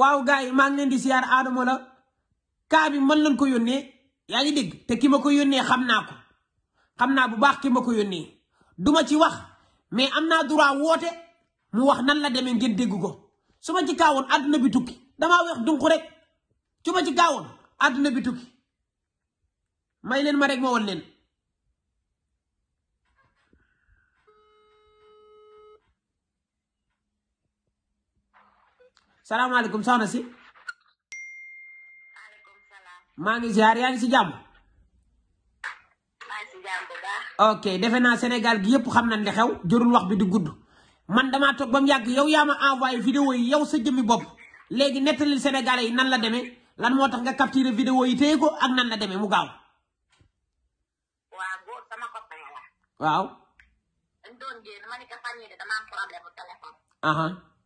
waaw gars yi maa ngi leen di siyaar Adamo la kaa bi mën lañ ko yónnee yaa ngi dégg te ki ma ko yónnee xam naa ko xam naa bu baax ki ma ko yónnee duma ci wax mais am naa droit woote mu wax nan la demee ngeen dégg ko su ma ci kaawoon àdduna bi tukki dama weex dunq rek ci ma ci kaawoon àdduna bi tukki may leen ma rek ma won leen alaikum soxna si. ziar si jàmm. ok defe naa Sénégal gi yëpp xam na xew jërul wax bi di gudd man damaa toog ba mu yow yaa ma vidéo yi yow sa jëmmi bopp Sénégalais yi nan la demee lan moo nga capturé vidéo yi ko ak nan la mu waaw sama copain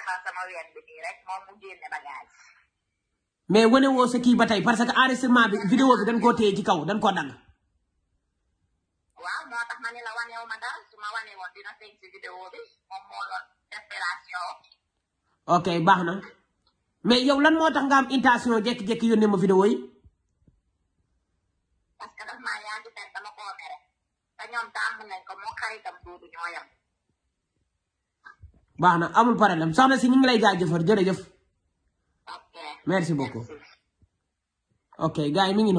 defar sama mais wane woo sa kii ba tey parce que enregistrement bi vidéo bi dañ koo téye ci kaw dañ koo dang waaw moo tax ma ne la wanewu ma dara su ma ok baax na mais yow lan moo tax nga am intention jékki-jékki yónnee ma vidéo yi baax na amul problème soxna si ñu ngi lay jaajëfal jërëjëf merci beaucoup ok gars yi mi ngi noonu